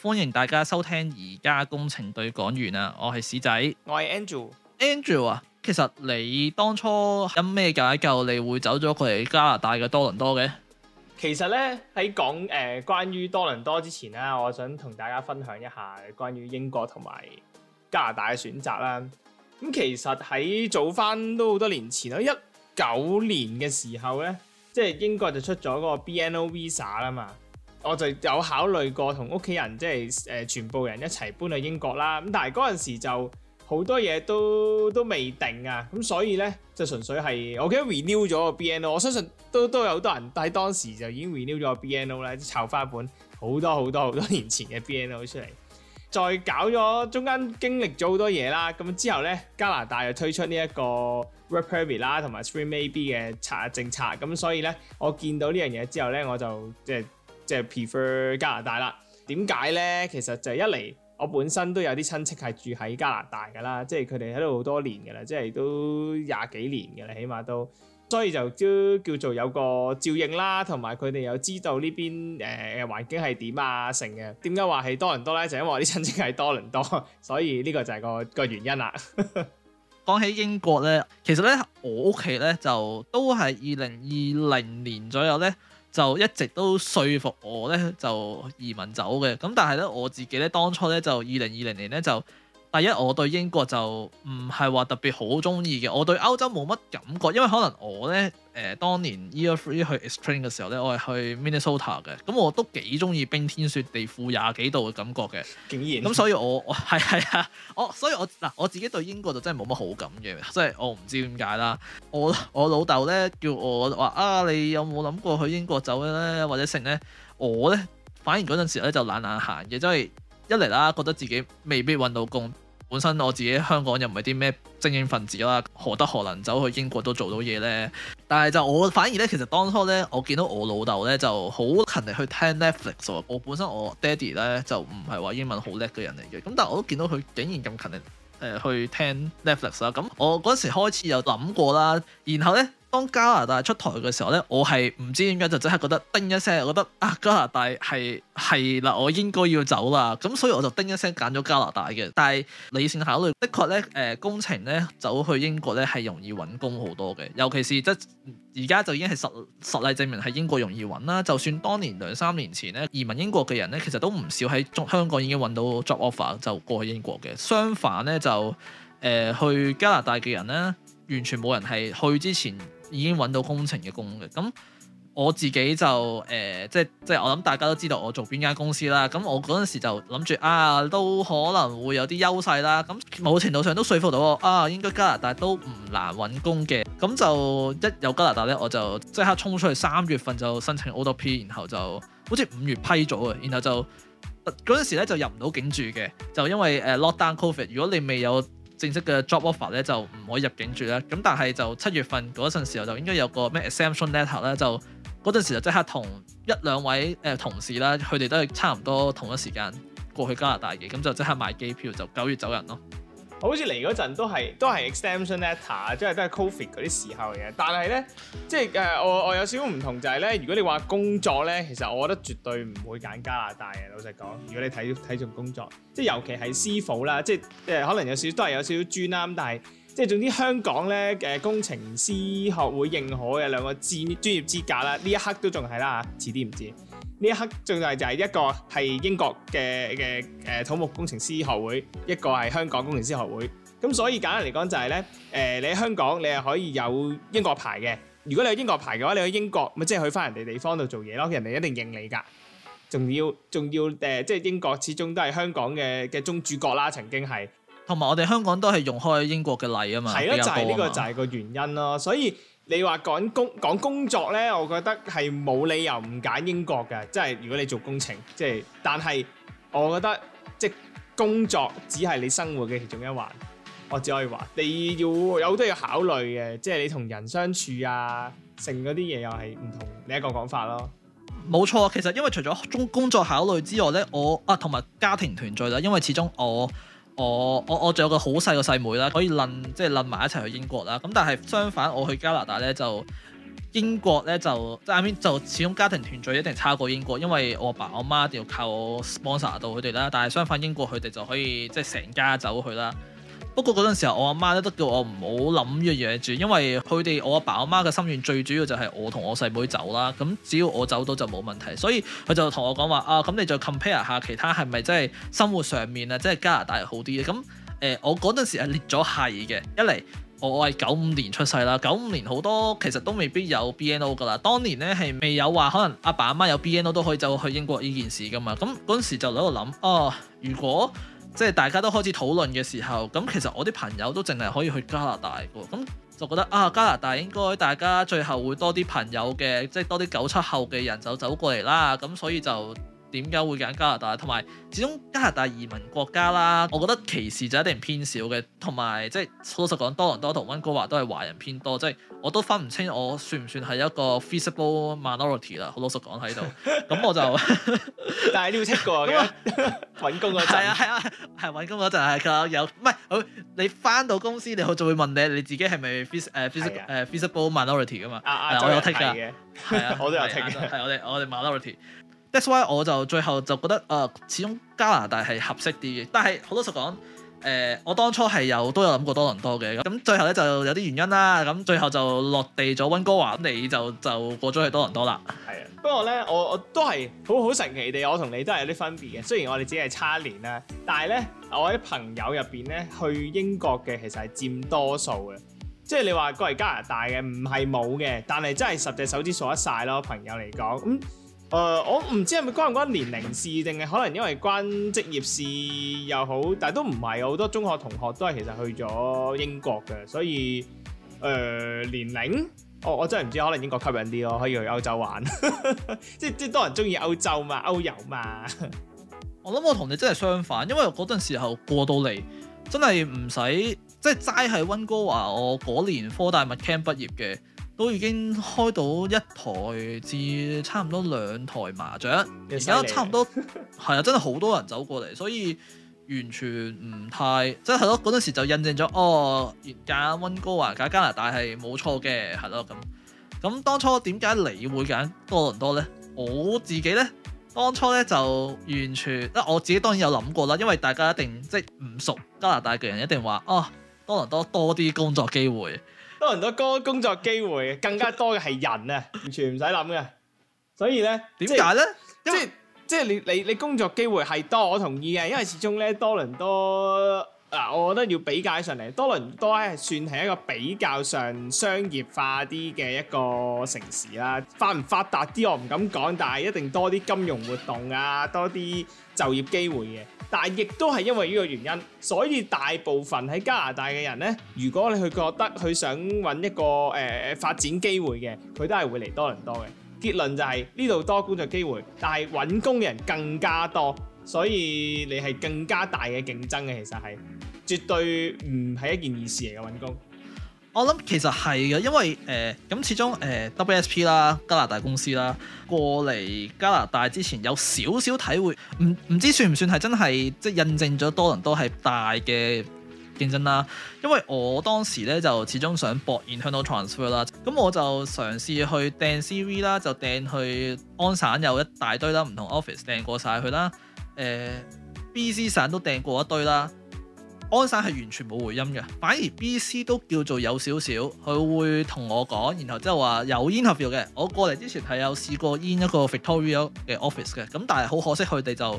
歡迎大家收聽而家工程隊講員啊，我係史仔，我係 Andrew，Andrew 啊，Andrew，其實你當初因咩解救你會走咗佢哋加拿大嘅多倫多嘅？其實咧喺講誒、呃、關於多倫多之前咧，我想同大家分享一下關於英國同埋加拿大嘅選擇啦。咁、嗯、其實喺早翻都好多年前啦，一九年嘅時候咧，即係英國就出咗嗰個 BNO Visa 啦嘛。我就有考慮過同屋企人即係誒、呃、全部人一齊搬去英國啦。咁但係嗰陣時就好多嘢都都未定啊。咁所以咧，就純粹係我記得 renew 咗個 BNO。我相信都都有好多人喺當時就已經 renew 咗個 BNO 咧，炒、就、返、一、本好多好多好多年前嘅 BNO 出嚟。再搞咗中間經歷咗好多嘢啦。咁之後咧，加拿大又推出呢一個 repeal 啦，同埋 Stream A B 嘅策政策。咁所以咧，我見到呢樣嘢之後咧，我就即係。即係 prefer 加拿大啦，點解咧？其實就一嚟，我本身都有啲親戚係住喺加拿大噶啦，即係佢哋喺度好多年噶啦，即係都廿幾年噶啦，起碼都，所以就都叫做有個照應啦，同埋佢哋又知道呢邊誒環境係點啊，成嘅。點解話係多倫多咧？就係、因為我啲親戚喺多倫多，所以呢個就係個個原因啦。講 起英國咧，其實咧我屋企咧就都係二零二零年左右咧。就一直都説服我咧，就移民走嘅。咁但係咧，我自己咧，當初咧就二零二零年咧就第一，我對英國就唔係話特別好中意嘅。我對歐洲冇乜感覺，因為可能我咧。誒，當年 Year Three 去 Explain 嘅時候咧，我係去 Minnesota 嘅，咁我都幾中意冰天雪地負廿幾度嘅感覺嘅。竟然咁，所以我我係係啊，我所以我嗱，我自己對英國就真係冇乜好感嘅，即係我唔知點解啦。我我老豆咧叫我話啊，你有冇諗過去英國走嘅咧，或者成咧？我咧反而嗰陣時咧就懶懶閒嘅，即係一嚟啦，覺得自己未必揾到工。本身我自己香港又唔係啲咩精英分子啦，何德何能走去英國都做到嘢呢？但係就我反而呢，其實當初呢，我見到我老豆呢就好勤力去聽 Netflix。我本身我爹哋呢就唔係話英文好叻嘅人嚟嘅，咁但我都見到佢竟然咁勤力去聽 Netflix 啦。咁我嗰時開始有諗過啦，然後呢。當加拿大出台嘅時候咧，我係唔知點解就即刻覺得叮一聲，我覺得啊，加拿大係係嗱，我應該要走啦。咁所以我就叮一聲揀咗加拿大嘅。但係理性考慮，的確咧誒、呃、工程咧走去英國咧係容易揾工好多嘅，尤其是即而家就已經係實實例證明係英國容易揾啦。就算當年兩三年前咧移民英國嘅人咧，其實都唔少喺中香港已經揾到 job offer 就過去英國嘅。相反咧就誒、呃、去加拿大嘅人咧，完全冇人係去之前，已經揾到工程嘅工嘅，咁我自己就誒、呃，即係即係我諗大家都知道我做邊間公司啦。咁我嗰陣時就諗住啊，都可能會有啲優勢啦。咁某程度上都説服到我啊，應該加拿大都唔難揾工嘅。咁就一有加拿大呢，我就即刻衝出去，三月份就申請 ODP，然後就好似五月批咗啊。然後就嗰陣、啊、時呢就入唔到境住嘅，就因為誒、uh, lockdown covid，如果你未有正式嘅 job offer 咧就唔可以入境住啦。咁但係就七月份嗰陣時候就應該有個咩 exemption letter 咧，就嗰陣時就即刻同一兩位誒、呃、同事啦，佢哋都係差唔多同一時間過去加拿大嘅，咁就即刻買機票就九月走人咯。好似嚟嗰陣都係都係 extension letter，即係都係 COVID 嗰啲時候嘅。但係咧，即係誒、呃，我我有少少唔同就係、是、咧。如果你話工作咧，其實我覺得絕對唔會揀加拿大嘅。老實講，如果你睇睇重工作，即係尤其係師傅啦，即係誒、呃，可能有少少都係有少少專啦。但係即係總之香港咧嘅、呃、工程師學會認可嘅兩個資專業資格啦，呢一刻都仲係啦嚇，遲啲唔知。呢一刻最大就係一個係英國嘅嘅誒土木工程師學會，一個係香港工程師學會。咁所以簡單嚟講就係咧，誒你喺香港你係可以有英國牌嘅。如果你有英國牌嘅話，你去英國咪即係去翻人哋地方度做嘢咯，人哋一定認你㗎。仲要仲要誒，即係英國始終都係香港嘅嘅宗主國啦，曾經係。同埋我哋香港都係用開英國嘅例啊嘛，係咯，就係呢個就係個原因咯，所以。你話講工講工作呢，我覺得係冇理由唔揀英國嘅，即係如果你做工程，即係。但係我覺得即工作只係你生活嘅其中一環，我只可以話你要有好多要考慮嘅，即係你同人相處啊，剩嗰啲嘢又係唔同你一個講法咯。冇錯，其實因為除咗工工作考慮之外呢，我啊同埋家庭團聚啦，因為始終我。我我我仲有個好細個細妹啦，可以拎即係拎埋一齊去英國啦。咁但係相反，我去加拿大咧就英國咧就即係啱就始終家庭團聚一定差過英國，因為我爸我媽一定要靠我 sponsor 到佢哋啦。但係相反英國佢哋就可以即係成家走去啦。不過嗰陣時候，我阿媽咧都叫我唔好諗呢樣嘢住，因為佢哋我阿爸阿媽嘅心願最主要就係我同我細妹走啦。咁只要我走到就冇問題，所以佢就同我講話啊，咁你再 compare 下其他係咪真係生活上面啊，即係加拿大好啲嘅。咁誒、呃，我嗰陣時係列咗係嘅。一嚟我係九五年出世啦，九五年好多其實都未必有 BNO 噶啦。當年咧係未有話可能阿爸阿媽，媽有 BNO 都可以走去英國呢件事噶嘛。咁嗰陣時就喺度諗啊，如果即係大家都開始討論嘅時候，咁其實我啲朋友都淨係可以去加拿大喎，咁就覺得啊加拿大應該大家最後會多啲朋友嘅，即係多啲九七後嘅人就走過嚟啦，咁所以就。點解會揀加拿大？同埋，始終加拿大移民國家啦，我覺得歧視就一定偏少嘅。同埋，即係老實講，多倫多同溫哥華都係華人偏多。即係我都分唔清我算唔算係一個 visible minority 啦。好老實講喺度，咁我就但係尿赤過咁啊！揾工嗰陣係啊係啊係揾工嗰陣係㗎，有唔係？你翻到公司，你佢就會問你你自己係咪 face 誒 face 誒 visible minority 㗎嘛？啊我有 tick 㗎，係啊，我都有 tick 嘅，係我哋我哋 minority。That's why 我就最後就覺得，誒、呃、始終加拿大係合適啲嘅。但係好多時候講、呃，我當初係有都有諗過多倫多嘅。咁最後咧就有啲原因啦。咁最後就落地咗温哥華，你就就過咗去多倫多啦。係啊，不過咧我我都係好好神奇地，我同你都係有啲分別嘅。雖然我哋只係差一年啦，但係咧我喺朋友入邊咧去英國嘅其實係佔多數嘅。即係你話過嚟加拿大嘅唔係冇嘅，但係真係十隻手指數得晒咯，朋友嚟講咁。嗯誒、呃，我唔知係咪關唔關年齡事，定係可能因為關職業事又好，但係都唔係，好多中學同學都係其實去咗英國嘅，所以誒、呃、年齡，我、哦、我真係唔知，可能英國吸引啲咯，可以去歐洲玩， 即即多人中意歐洲嘛，歐遊嘛。 我諗我同你真係相反，因為嗰陣時候過到嚟，真係唔使，即齋係温哥華，我嗰年科大麥 camp 畢業嘅。都已經開到一台至差唔多兩台麻雀，而家差唔多係啊， 真係好多人走過嚟，所以完全唔太即係咯。嗰陣時就印證咗哦，揀溫哥華，揀加拿大係冇錯嘅，係咯咁。咁當初點解你會揀多倫多呢？我自己呢，當初呢就完全，啊我自己當然有諗過啦，因為大家一定即係唔熟加拿大嘅人一定話哦，多倫多多啲工作機會。多倫多多工作機會，更加多嘅係人啊，完全唔使諗嘅。所以咧，點解咧？即係即係你你你工作機會係多，我同意嘅。因為始終咧，多倫多啊，我覺得要比較上嚟，多倫多係算係一個比較上商業化啲嘅一個城市啦。發唔發達啲，我唔敢講，但係一定多啲金融活動啊，多啲。就業機會嘅，但係亦都係因為呢個原因，所以大部分喺加拿大嘅人呢，如果你去覺得佢想揾一個誒、呃、發展機會嘅，佢都係會嚟多倫多嘅。結論就係呢度多工作機會，但係揾工嘅人更加多，所以你係更加大嘅競爭嘅，其實係絕對唔係一件易事嚟嘅揾工。我諗其實係嘅，因為誒咁、呃、始終誒 WSP 啦，呃、SP，加拿大公司啦，過嚟加拿大之前有少少體會，唔唔知算唔算係真係即係印證咗多倫多係大嘅競爭啦。因為我當時咧就始終想博 internal transfer 啦，咁我就嘗試去訂 CV 啦，就訂去安省有一大堆啦，唔同 office 訂過晒佢啦，誒、呃、BC 省都訂過一堆啦。安省係完全冇回音嘅，反而 B.C 都叫做有少少，佢會同我講，然後即係話有 inhouse feel 嘅。我過嚟之前係有試過 in 一個 Victoria 嘅 office 嘅，咁但係好可惜佢哋就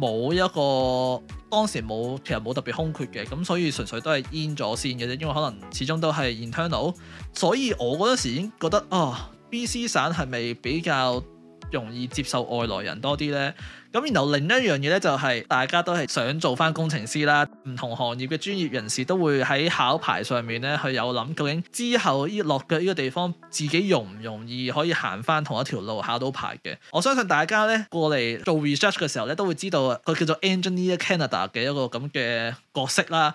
冇一個當時冇其實冇特別空缺嘅，咁所以純粹都係 in 咗先嘅啫，因為可能始終都係 internal。所以我嗰陣時已經覺得啊、哦，B.C 省係咪比較容易接受外來人多啲咧，咁然後另一樣嘢咧就係、是、大家都係想做翻工程師啦，唔同行業嘅專業人士都會喺考牌上面咧去有諗，究竟之後依落腳依個地方自己容唔容易可以行翻同一條路考到牌嘅。我相信大家咧過嚟做 research 嘅時候咧都會知道佢叫做 Engineer Canada 嘅一個咁嘅角色啦。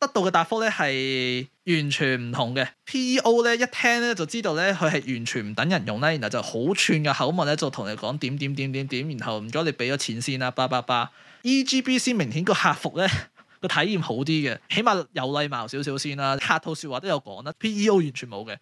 得到嘅答覆咧係完全唔同嘅，P E O 咧一聽咧就知道咧佢係完全唔等人用啦，然後就好串嘅口吻咧就同你講點點點點點，然後唔該你俾咗錢先啦，八八八，E G B C，明顯個客服咧個體驗好啲嘅，起碼有禮貌少少先啦，客套説話都有講啦，P E O 完全冇嘅。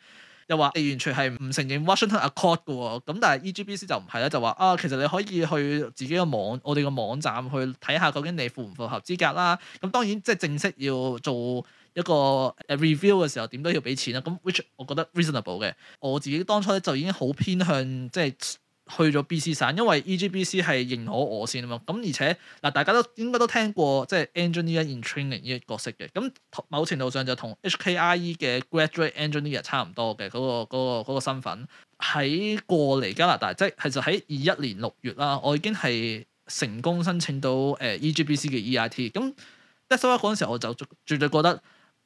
又話你完全係唔承認 Washington Accord 㗎喎，咁但係、e、EGBC 就唔係咧，就話啊，其實你可以去自己個網，我哋個網站去睇下究竟你符唔符合資格啦。咁、嗯、當然即係正式要做一個、uh, review 嘅時候，點都要俾錢啦。咁、嗯、which 我覺得 reasonable 嘅，我自己當初咧就已經好偏向即係。去咗 BC 省，因為 EGBC 係認可我先啊嘛，咁而且嗱大家都應該都聽過即係 engineer in training 呢個角色嘅，咁某程度上就同 HKIE 嘅 graduate engineer 差唔多嘅嗰個嗰個嗰個身份，喺過嚟加拿大即係就喺二一年六月啦，我已經係成功申請到誒、e、EGBC 嘅 EIT，咁得收啊，嗰陣時我就絕對覺得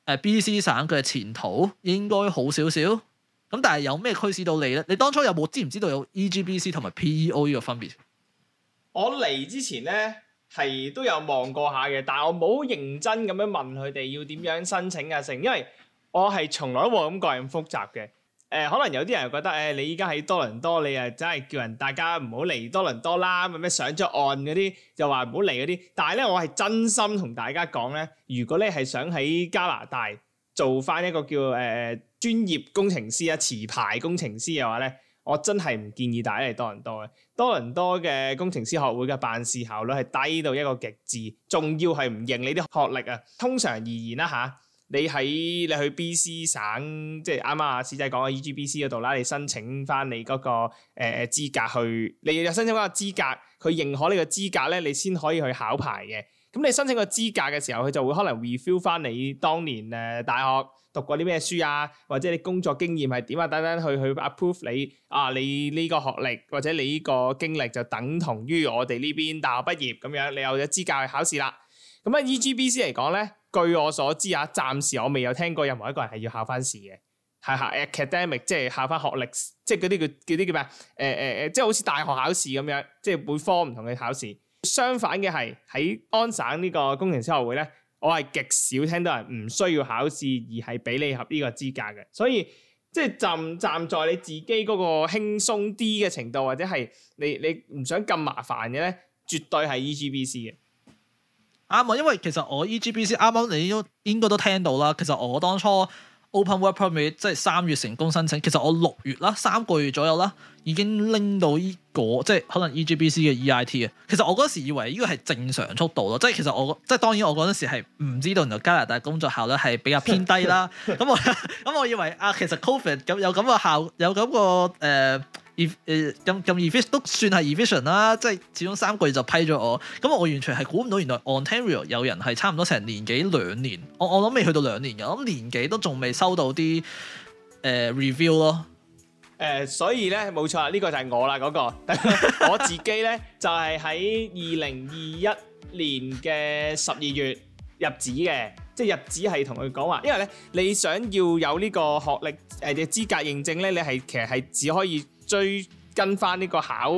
誒 BC 省嘅前途應該好少少。咁但係有咩驅使到你咧？你當初有冇知唔知道有 EGBC 同埋 PEO 呢個分別？我嚟之前咧係都有望過下嘅，但係我冇認真咁樣問佢哋要點樣申請啊。成因為我係從來都冇咁講咁複雜嘅。誒、呃，可能有啲人覺得誒、呃，你依家喺多倫多，你誒真係叫人大家唔好嚟多倫多啦，咁咩上咗岸嗰啲就話唔好嚟嗰啲。但係咧，我係真心同大家講咧，如果咧係想喺加拿大做翻一個叫誒、呃專業工程師啊，持牌工程師嘅話咧，我真係唔建議大家嚟多倫多嘅。多倫多嘅工程師學會嘅辦事效率係低到一個極致，仲要係唔認你啲學歷啊。通常而言啦吓，你喺你去 BC 省，即係啱啱阿史仔講嘅 EGBC 嗰度啦，你申請翻你嗰、那個誒、呃、資格去，你要申請翻個資格，佢認可你資、呢個資格咧，你先可以去考牌嘅。咁你申請個資格嘅時候，佢就會可能 review 翻你當年誒、呃、大學讀過啲咩書啊，或者你工作經驗係點啊等等去，去去 approve 你啊，你呢個學歷或者你呢個經歷就等同於我哋呢邊大學畢業咁樣，你又有咗資格去考試啦。咁啊，EGBC 嚟講咧，據我所知啊，暫時我未有聽過任何一個人係要考翻試嘅，係考 academic，即係考翻學歷，即係嗰啲叫啲叫咩啊？誒、呃、誒即係好似大學考試咁樣，即係每科唔同嘅考試。相反嘅係喺安省呢個工程師學會咧，我係極少聽到人唔需要考試而係俾你合呢個資格嘅，所以即係站站在你自己嗰個輕鬆啲嘅程度，或者係你你唔想咁麻煩嘅咧，絕對係 EGBC 嘅。啱啊，因為其實我 EGBC 啱啱你都應該都聽到啦，其實我當初。OpenWork permit 即係三月成功申請，其實我六月啦，三個月左右啦，已經拎到呢個即係可能 EGBC 嘅 EIT 啊。其實我嗰時以為呢個係正常速度咯，即係其實我即係當然我嗰陣時係唔知道原來加拿大工作效率係比較偏低啦。咁 我咁我以為啊，其實 Covid 咁有咁嘅效有咁個誒。呃誒，咁咁 efficient 都算係 efficient 嘅啦。即係始終三個月就批咗我，咁我完全係估唔到，原來 Ontario 有人係差唔多成年幾兩年。我我諗未去到兩年嘅，我諗年幾都仲未收到啲誒、呃、review 咯。誒、呃，所以咧冇錯啊，呢、這個就係我啦嗰、那個 我自己咧，就係喺二零二一年嘅十二月入紙嘅，即係入紙係同佢講話，因為咧你想要有呢個學歷誒嘅、呃、資格認證咧，你係其實係只可以。追跟翻呢個考，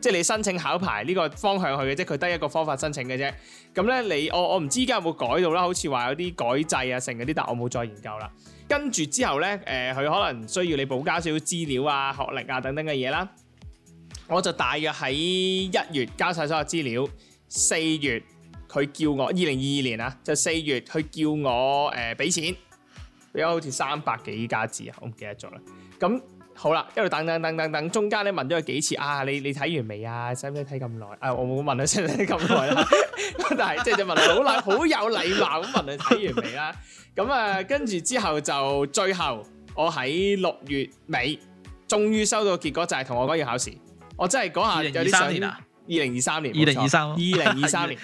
即係你申請考牌呢個方向去嘅，即係佢得一個方法申請嘅啫。咁咧，你我我唔知而家有冇改到啦，好似話有啲改制啊，成嗰啲，但我冇再研究啦。跟住之後咧，誒、呃，佢可能需要你補交少少資料啊、學歷啊等等嘅嘢啦。我就大約喺一月交晒所有資料，四月佢叫我，二零二二年啊，就四月佢叫我誒俾、呃、錢，俾咗好似三百幾家字啊，我唔記得咗啦。咁好啦，一路等等等等等，中間咧問咗佢幾次啊？你你睇完未啊？使唔使睇咁耐？誒，我我、 就係、問佢使唔使咁耐啦。但係即係就問好禮，好有禮貌咁問你睇完未啦。咁、嗯、啊，跟住之後就最後，我喺六月尾，終於收到結果，就係同我講要考試。我真係講下有啲想。二零二三年，二零二三，二零二三年，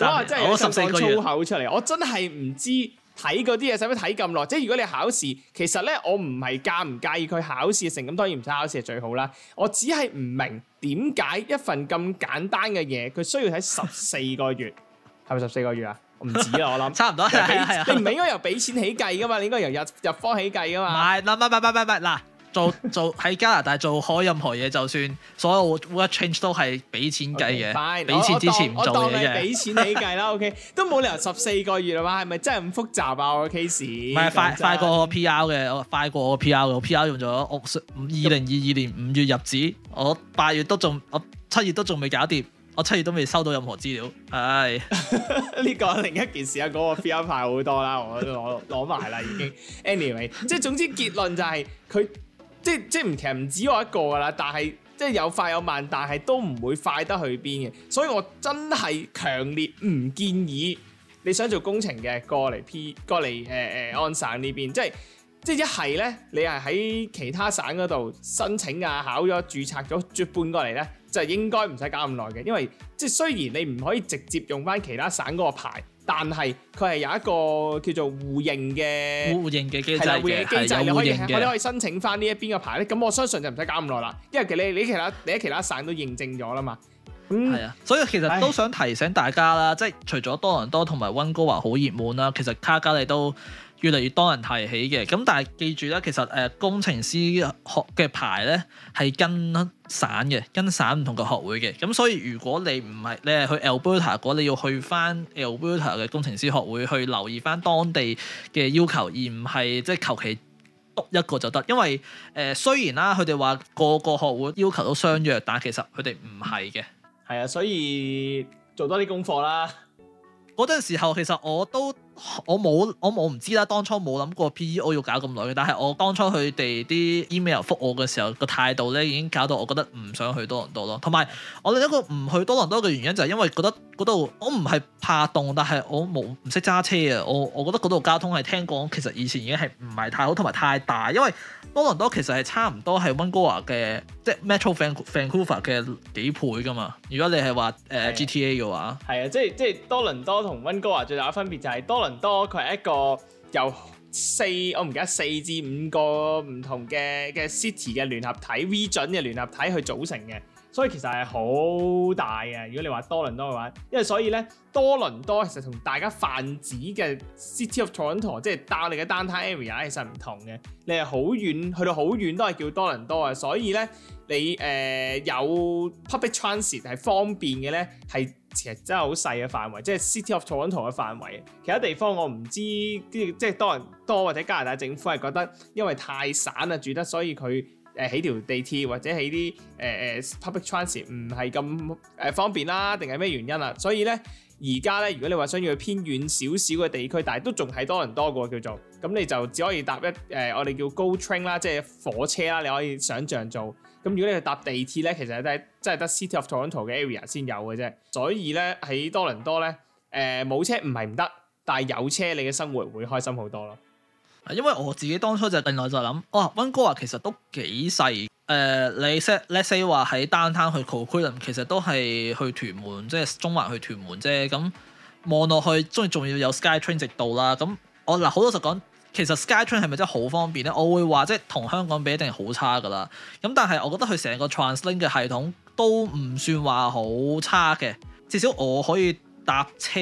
哇！真係有十個粗口出嚟，我真係唔知。睇嗰啲嘢使唔使睇咁耐？即係如果你考試，其實咧我唔係介唔介意佢考試成咁，當然唔使考試係最好啦。我只係唔明點解一份咁簡單嘅嘢，佢需要睇十四個月，係咪十四個月 啊？我唔止啊，我諗差唔多係。你唔係應該由俾錢起計噶嘛？你應該由入入科起計噶嘛？唔係，嗱，係，唔係，嗱。 做做喺加拿大做開任何嘢，就算所有 work change 都係俾錢計嘅，俾 Okay, fine. 錢之前唔做嘢嘅，俾錢起計啦，O K，都冇理由十四個月啦嘛，係咪真係咁複雜啊？我 case 唔係是快快過我 P R 嘅，快過我 P R 我 P R 用咗我二零二二年五月入紙，我八月都仲我七月都仲未搞掂，我七月都未收到任何資料，唉、哎，呢 個另一件事啊，嗰、那個 P R 快好多啦， 我都攞攞埋啦已經，anyway，即係總之結論就係、是、佢。即係即係唔其實唔止我一個㗎啦，但係即係有快有慢，但係都唔會快得去邊嘅，所以我真係強烈唔建議你想做工程嘅過嚟 P 過嚟誒誒安省呢邊，即係即係一係咧，你係喺其他省嗰度申請啊考咗註冊咗轉半過嚟咧，就應該唔使搞咁耐嘅，因為即係雖然你唔可以直接用返其他省嗰個牌。但係佢係有一個叫做互認嘅，互認嘅機制嘅，有認嘅，你可以，可以申請翻呢一邊嘅牌咧。咁我相信就唔使搞咁耐啦，因為你你其他喺其，其他省都認證咗啦嘛。係啊，所以其實都想提醒大家啦，即係除咗多倫多同埋溫哥華好熱門啦，其實卡加利都越嚟越多人提起嘅。咁但係記住咧，其實誒工程師學嘅牌咧係跟省嘅，跟省唔同個學會嘅。咁所以如果你唔係你係去 Alberta 嗰，你要去翻 Alberta 嘅工程師學會去留意翻當地嘅要求，而唔係即係求其篤一個就得。因為誒雖然啦，佢哋話個個學會要求都相若，但其實佢哋唔係嘅。係啊，所以做多啲功課啦。嗰陣時候其實我都。我冇我冇唔知啦，當初冇諗過 PEO 要搞咁耐嘅，但係我當初佢哋啲 email 覆我嘅時候個態度咧，已經搞到我覺得唔想去多倫多咯。同埋我另一個唔去多倫多嘅原因就係因為覺得嗰度我唔係怕凍，但係我冇唔識揸車啊。我我覺得嗰度交通係聽講其實以前已經係唔係太好，同埋太大，因為多倫多其實係差唔多係溫哥華嘅即係 Metro Vancouver 嘅幾倍噶嘛。如果你係話誒 GTA 嘅話，係啊，即係即係多倫多同溫哥華最大嘅分別就係多倫。多佢係一個由四我唔記得四至五個唔同嘅、嘅 city 嘅、聯合體 region 嘅聯合體去組成嘅，所以其實係好大嘅。如果你話多倫多嘅話，因為所以咧，多倫多其實同大家泛指嘅 City of Toronto，即係大我哋嘅 downtown area 其實唔同嘅，你係好遠去到好遠都係叫多倫多啊。所以咧，你，呃、誒有 public transit 係方便嘅咧。係。其實真係好細嘅範圍，即係 City of Toronto 嘅範圍。其他地方我唔知，啲即係多倫多或者加拿大政府係覺得因為太散啊住得，所以佢誒起條地鐵或者起啲誒誒 public transit 唔係咁誒方便啦，定係咩原因啊？所以咧而家咧，如果你話想要去偏遠少少嘅地區，但係都仲係多倫多過叫做，咁你就只可以搭一誒我哋叫 Go Train 啦，即係火車啦，你可以想象做。咁如果你去搭地鐵咧，其實係得，真係得 City of Toronto 嘅 area 先有嘅啫。所以咧喺多倫多咧，誒、呃、冇車唔係唔得，但係有車你嘅生活會開心好多咯。因為我自己當初就原來就諗，哦，溫哥華其實都幾細。誒、呃，你 set，let’s say 話喺 Downtown 去 Coquitlam 其實都係去屯門，即、就、係、是、中環去屯門啫。咁望落去，中意仲要有 Skytrain 直道啦。咁，我嗱好、呃、多就講。其實 SkyTrain 係咪真係好方便咧？我會話即係同香港比一定好差㗎啦。咁但係我覺得佢成個 TransLink 嘅系統都唔算話好差嘅，至少我可以搭車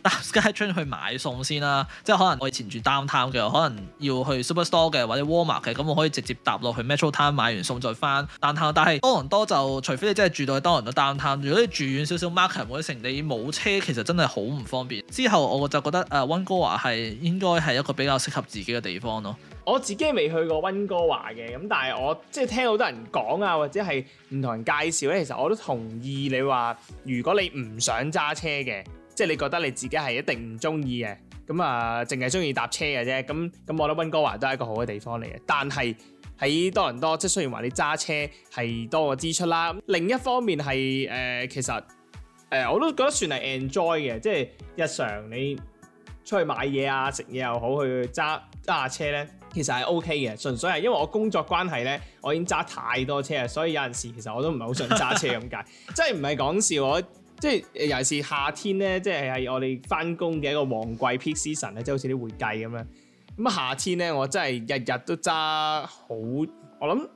搭 s 去買餸先啦，啊，即係可能我以前住 Downtown 嘅，可能要去 Superstore 嘅或者 w a l m a r t 嘅，咁我可以直接搭落去 Metro 站買完餸再翻 ow。但係但係多倫多就除非你真係住到去多倫多 Downtown，如果你住遠少少 Market 每個城，你冇車其實真係好唔方便。之後我就覺得誒溫哥華係應該係一個比較適合自己嘅地方咯。我自己未去過温哥華嘅，咁但係我即係、就是、聽好多人講啊，或者係唔同人介紹咧。其實我都同意你話，如果你唔想揸車嘅，即、就、係、是、你覺得你自己係一定唔中意嘅，咁啊，淨係中意搭車嘅啫。咁咁，我覺得温哥華都係一個好嘅地方嚟嘅。但係喺多倫多，即係雖然話你揸車係多個支出啦，另一方面係誒、呃，其實誒、呃、我都覺得算係 enjoy 嘅，即係日常你出去買嘢啊、食嘢又好，去揸揸下車咧。其實係 OK 嘅，純粹係因為我工作關係咧，我已經揸太多車啦，所以有陣時其實我都唔係好想揸車咁解， 即係唔係講笑，我即係尤其是夏天咧，即係係我哋翻工嘅一個旺季 peak season 咧，即係好似啲會計咁樣，咁啊夏天咧，我真係日日都揸好，我諗。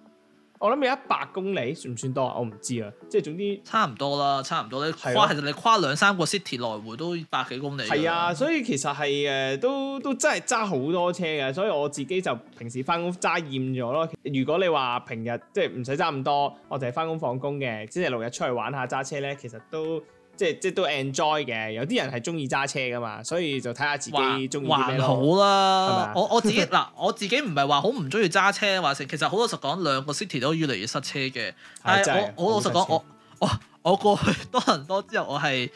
我諗有一百公里算唔算多，多，多啊？我唔知啊，即係總之差唔多啦，差唔多咧。跨其實你跨兩三個 city 來回都百幾公里。係啊，所以其實係誒，都都真係揸好多車嘅。所以我自己就平時翻工揸厭咗咯。如果你話平日即係唔使揸咁多，我淨係翻工放工嘅，星期六日出去玩下揸車咧，其實都。即即都 enjoy 嘅，有啲人係中意揸車噶嘛，所以就睇下自己中意啲咩好啦，係咪我？我自己嗱，我自己唔係 話好唔中意揸車話事。其實好老實講，兩個 city 都越嚟越塞車嘅。係，我我老實講，我我我過去多倫多之後我，我係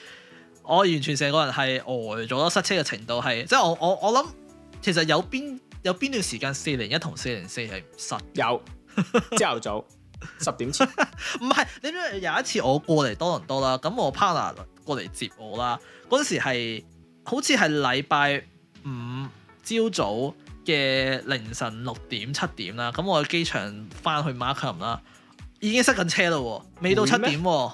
我完全成個人係呆咗，塞車嘅程度係即、即係、我我我諗，其實有邊有邊段時間四零一同四零四係唔塞？有朝 頭早。十點出， 唔係，你知唔知有一次我過嚟多倫多啦，咁我 partner 過嚟接我啦，嗰陣時係好似係禮拜五朝早嘅凌晨六點七點啦，咁我去機場翻去 Markham 啦，已經塞緊車啦喎，未到七點喎，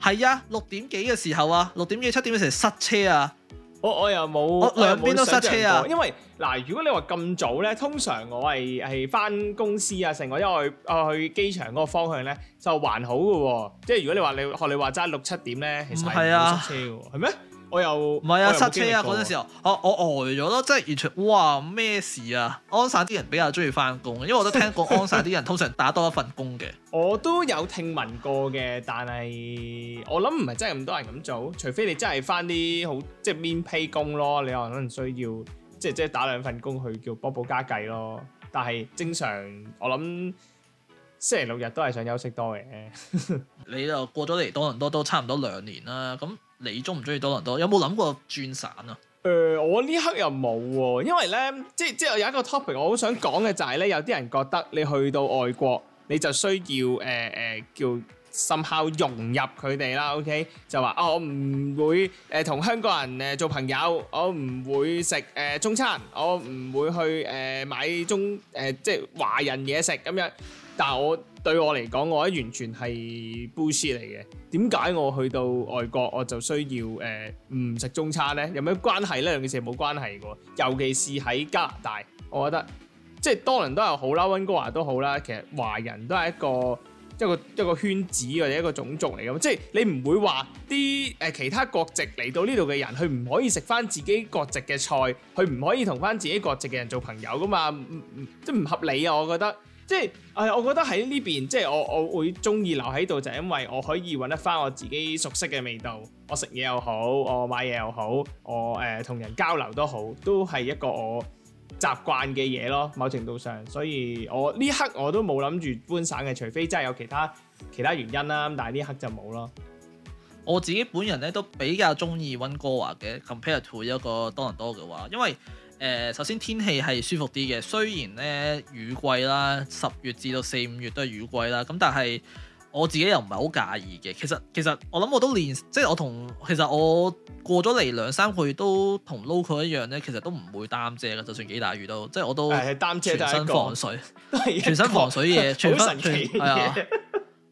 係嗎啊，六點幾嘅時候啊，六點幾七點嘅時候塞車啊！我我又冇，我又兩邊都塞、啊、車啊！因為嗱，如果你話咁早咧，通常我係係翻公司啊，成個因為我去機場嗰個方向咧就還好嘅喎。即係如果你話你學你話齋六七點咧，其實唔會塞車嘅喎，係咩、啊？我又唔係啊，塞車啊！嗰陣時候，我我呆咗咯，即係完全哇咩事啊！安省啲人比較鍾意返工，因為我都聽過安省啲人通常打多一份工嘅。 我都有聽聞過嘅，但係我諗唔係真係咁多人咁做，除非你真係返啲好即係面 pay 工咯，你可能需要即係即係打兩份工去叫幫補家計咯。但係正常我諗星期六日都係想休息多嘅。 你就過咗嚟多倫多都差唔多兩年啦，咁。你中唔中意多倫多？有冇諗過轉省啊？誒、呃，我呢刻又冇喎、啊，因為咧，即即我有一個 topic，我好想講嘅就係咧，有啲人覺得你去到外國，你就需要誒誒、呃、叫 somehow、呃、融入佢哋啦。OK，就話啊，我唔會誒同、呃、香港人誒、呃、做朋友，我唔會食誒、呃、中餐，我唔會去誒、呃、買中誒、呃、即華人嘢食咁樣。但係我對我嚟講，我覺得完全係 bullshit 嚟嘅。點解我去到外國，我就需要誒唔食中餐呢？有咩關係呢？兩件事冇關係嘅，尤其是喺加拿大，我覺得即係多倫多都好啦，溫哥華都好啦。其實華人都係一個一個一個圈子或者一個種族嚟嘅，即係你唔會話啲誒其他國籍嚟到呢度嘅人，佢唔可以食翻自己國籍嘅菜，佢唔可以同翻自己國籍嘅人做朋友噶嘛？嗯、即係唔合理啊！我覺得。即係，誒、就是，我覺得喺呢邊，即、就、係、是、我，我會中意留喺度，就係因為我可以揾得翻我自己熟悉嘅味道。我食嘢又好，我買嘢又好，我誒同、呃、人交流都好，都係一個我習慣嘅嘢咯。某程度上，所以我呢刻我都冇諗住搬省嘅，除非真係有其他其他原因啦、啊。但係呢刻就冇咯。我自己本人咧都比較中意溫哥華嘅 compared to 一個多倫多嘅話，因為。誒、呃，首先天氣係舒服啲嘅，雖然咧雨季啦，十月至到四五月都係雨季啦，咁但係我自己又唔係好介意嘅。其實其實我諗我都連即係我同其實我過咗嚟兩三個月都同 local 一樣咧，其實都唔會擔遮嘅，就算幾大雨都，即係我都擔遮。全身防水，全身防水嘢 ，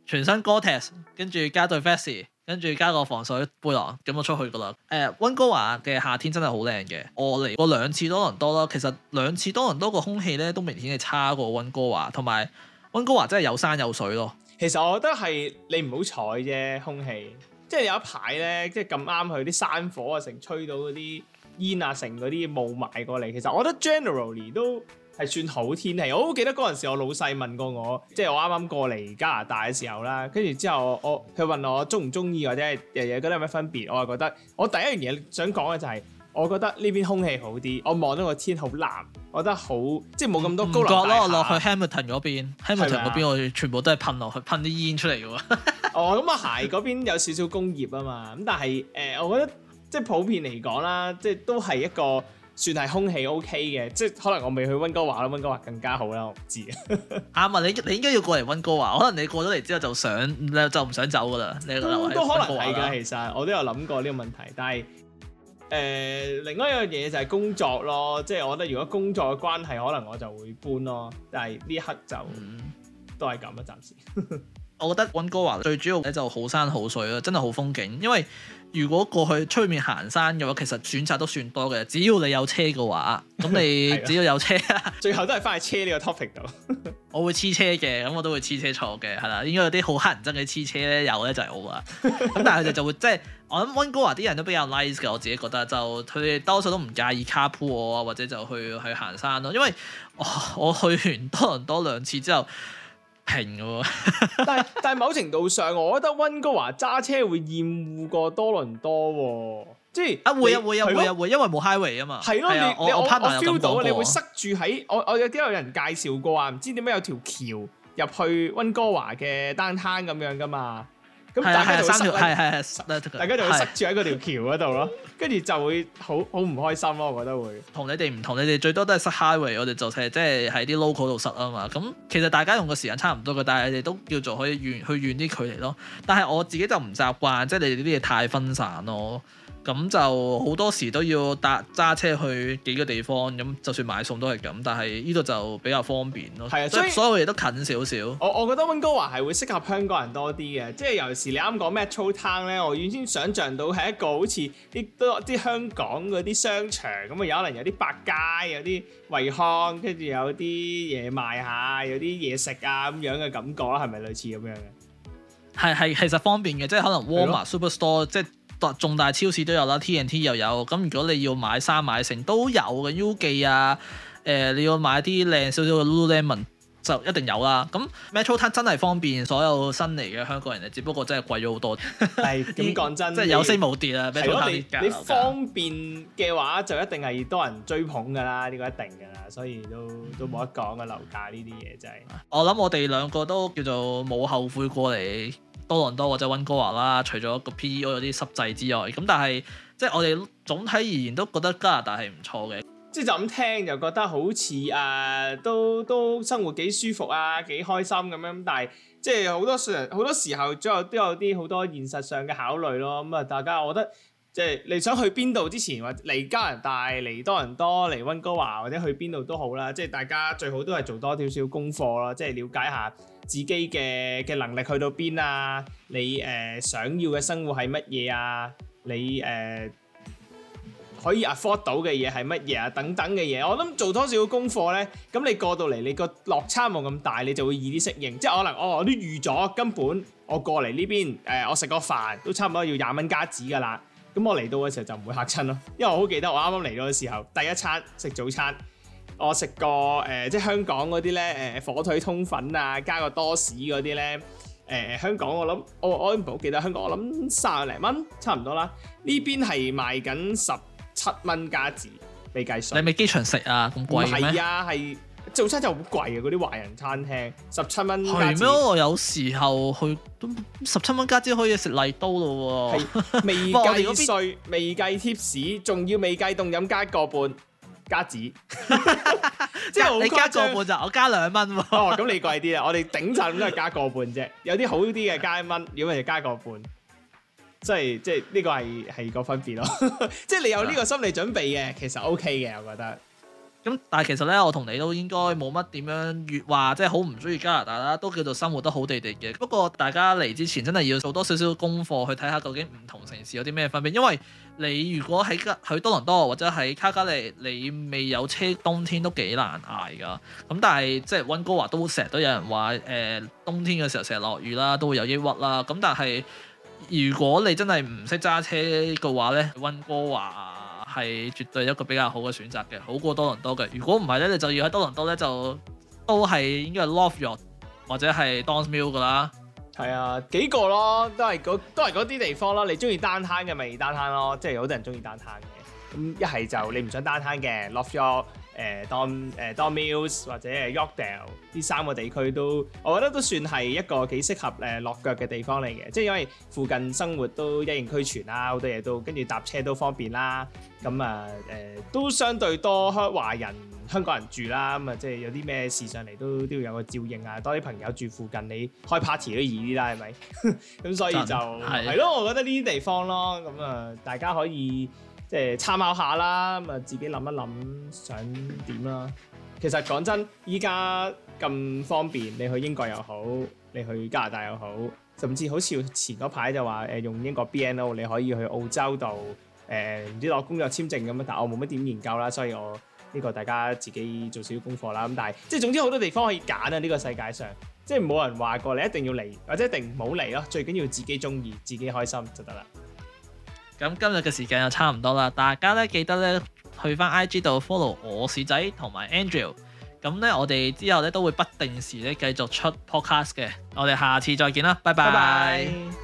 全身 Gore-Tex，跟住加對 fancy。跟住加個防水背囊，咁我出去噶啦。誒，溫哥華嘅夏天真係好靚嘅。我嚟過兩次多倫多咯，其實兩次多倫多個空氣咧都明顯係差過溫哥華，同埋溫哥華真係有山有水咯。其實我覺得係你唔好彩啫，空氣。即係有一排咧，即係咁啱佢啲山火啊，成吹到嗰啲煙啊，成嗰啲霧霾過嚟。其實我覺得 generally 都。係算好天氣，我好記得嗰陣時我老細問過我，即係我啱啱過嚟加拿大嘅時候啦，跟住之後我佢問我中唔中意或者係日日覺得有咩分別，我係覺得我第一樣嘢想講嘅就係，是，我覺得呢邊空氣好啲，我望到個天好藍，我覺得好即係冇咁多高樓大廈落去 Hamilton 嗰邊嗎，Hamilton 嗰邊我全部都係噴落去，噴啲煙出嚟㗎喎。 哦，咁啊鞋嗰邊有少少工業啊嘛，咁但係誒、呃，我覺得即係普遍嚟講啦，即係都係一個。算係空氣 OK 嘅，即係可能我未去溫哥華啦，溫哥華更加好啦，我唔知啊。阿文 啊，你你應該要過嚟溫哥華，可能你過咗嚟之後就想就唔想走噶啦，你覺得話？都可能係噶，其實我都有諗過呢個問題，但係誒、呃，另外一樣嘢就係工作咯，即係我覺得如果工作嘅關係，可能我就會搬咯，但係呢刻就、嗯、都係咁啊，暫時。 我覺得温哥華最主要咧就好山好水咯，真係好風景。因為如果過去出面行山嘅話，其實選擇都算多嘅。只要你有車嘅話，咁你只要有車啊，最後都係翻去車呢個 topic 度 。我會黐車嘅，咁我都會黐車坐嘅，係啦。應該有啲好乞人憎嘅黐車咧，有咧就係我啦。咁但係佢哋就會即係、就係、我諗温哥華啲人都比較 nice、like、嘅，我自己覺得就佢哋多數都唔介意卡鋪我啊，或者就去去，去行山咯。因為我、哦、我去完多倫多兩次之後。平嘅喎，但係但係某程度上，我覺得温哥華揸車會厭惡過多倫多，即係啊會啊，啊會啊會啊會，因為冇 highway 啊嘛，係咯、啊，啊、你我我 feel 到你會塞住喺 of course. 我我有啲有人介紹過啊，唔知點解有條橋入去温哥華嘅單攤咁樣噶嘛。咁、嗯嗯、大家就塞、嗯、塞，係係係，大家會是就會塞住喺嗰條橋嗰度咯，跟住就會好好唔開心咯、啊，我覺得會。同你哋唔同，你哋最多都係塞 highway，我哋就係即係喺啲 local 度塞啊嘛。咁其實大家用嘅時間差唔多嘅，但係你哋都叫做可以遠去遠啲距離咯。但係我自己就唔習慣，即、就、係、是、你哋啲嘢太分散咯。咁就好多時都要搭揸車去幾個地方，咁、嗯、就算買餸都係咁。但係呢度就比較方便咯。係啊，所以所有嘢都近少少。我我覺得溫哥華係會適合香港人多啲嘅，即係尤其是你啱講咩潮灘咧，我原先想像到係一個好似啲都啲香港嗰啲商場，咁、嗯、啊有可能有啲百佳，有啲惠康，跟住有啲嘢賣下，有啲嘢食啊咁樣嘅感覺，係咪類似咁樣嘅？係係，其實方便嘅，即係可能 Warmer、right、的 Superstore 即係。大重大超市都有啦，TNT 又有，咁如果你要買衫買成都有嘅 U 記啊，誒、呃、你要買啲靚少少嘅 Lululemon 就一定有啦。咁 Metrotown 真係方便所有新嚟嘅香港人嚟，只不過真係貴咗好多、嗯。係點講真，即係 有升冇跌啦。你你，樓你方便嘅話就一定係多人追捧㗎啦，呢、呢個一定㗎啦，所以都都冇得講嘅樓價呢啲嘢真係。我諗我哋兩個都叫做冇後悔過嚟。多倫多或者温哥華啦，除咗個 PEO 有啲濕滯之外，咁但係即係我哋總體而言都覺得加拿大係唔錯嘅。即係就咁聽又覺得好似誒、啊、都都生活幾舒服啊，幾開心咁樣，但係即係好多時好多時候都有都有啲好多現實上嘅考慮咯。咁啊，大家我覺得。即係你想去邊度之前，或嚟加拿大、嚟多倫多、嚟温哥華或者去邊度都好啦。即、就、係、是、大家最好都係做多少少功課咯，即係瞭解下自己嘅嘅能力去到邊啊。你誒、呃、想要嘅生活係乜嘢啊？你誒、呃、可以 afford 到嘅嘢係乜嘢啊？等等嘅嘢，我諗做多少功課咧，咁你過到嚟，你個落差冇咁大，你就會易啲適應。即係可能哦，我都預咗根本我過嚟呢邊誒，我食個飯都差唔多要廿蚊加紙㗎啦。咁我嚟到嘅時候就唔會嚇親咯，因為我好記得我啱啱嚟到嘅時候，第一餐食早餐，我食過誒即係香港嗰啲咧誒火腿通粉啊，加個多士嗰啲咧誒，香港我諗我我唔好記得，香港我諗三十零蚊差唔多啦，呢邊係賣緊十七蚊加紙未計稅，你咪機場食啊咁貴咩？係啊係。早餐就好貴啊，嗰啲華人餐廳十七蚊。係咩？我有時候去都十七蚊加紙可以食麗都咯喎。係未計稅、未計貼士，仲要未計凍飲加一個半加紙。即係 加 你加個半咋？我加兩蚊喎。 哦，咁你貴啲啊？我哋頂陣都係加個半啫，有啲好啲嘅加一蚊，如果唔係加個半。即係即係呢個係係個分別咯。即 係你有呢個心理準備嘅，其實 OK 嘅，我覺得。咁但係其實咧，我同你都應該冇乜點樣，越話即係好唔中意加拿大啦，都叫做生活得好地地嘅。不過大家嚟之前真係要做多少少功課去睇下究竟唔同城市有啲咩分別。因為你如果喺吉喺多倫多或者喺卡加利，你未有車冬天都幾難捱㗎。咁但係即係温哥華都成日都有人話誒、呃、冬天嘅時候成日落雨啦，都會有抑鬱啦。咁但係如果你真係唔識揸車嘅話咧，温哥華。係絕對一個比較好嘅選擇嘅，好過多倫多嘅。如果唔係咧，你就要喺多倫多咧就都係應該係 North York 或者係 Don Mills 噶啦。係啊，幾個咯，都係嗰都係嗰啲地方咯。你中意單攤嘅咪單攤咯，即係有啲人中意單攤嘅。咁一係就你唔想單攤嘅 North York。誒 Don 誒 Don Mills 或者 Yorkdale，呢三個地區都，我覺得都算係一個幾適合誒、呃、落腳嘅地方嚟嘅，即係因為附近生活都一應俱全啦，好多嘢都跟住搭車都方便啦，咁啊誒都相對多香華人香港人住啦，咁、嗯、啊即係有啲咩事上嚟都都要有個照應啊，多啲朋友住附近，你開 party 都易啲啦，係咪？咁、 嗯、所以就係咯的，我覺得呢啲地方咯，咁、嗯、啊大家可以。即係參考下啦，咁啊自己諗一諗想點啦。其實講真，依家咁方便，你去英國又好，你去加拿大又好，甚至好似前嗰排就話誒、呃、用英國 BNO 你可以去澳洲度誒唔知攞工作簽證咁啊。但我冇乜點研究啦，所以我呢個大家自己做少少功課啦。咁但係即係總之好多地方可以揀啊！呢個世界上即係冇人話過你一定要嚟，或者一定唔好嚟咯。最緊要自己中意，自己開心就得啦。咁今日嘅時間就差唔多啦，大家咧記得咧去翻 IG 度 follow 我史仔同埋 Andrew 咁咧我哋之後咧都會不定時咧繼續出 podcast 嘅，我哋下次再見啦，拜拜。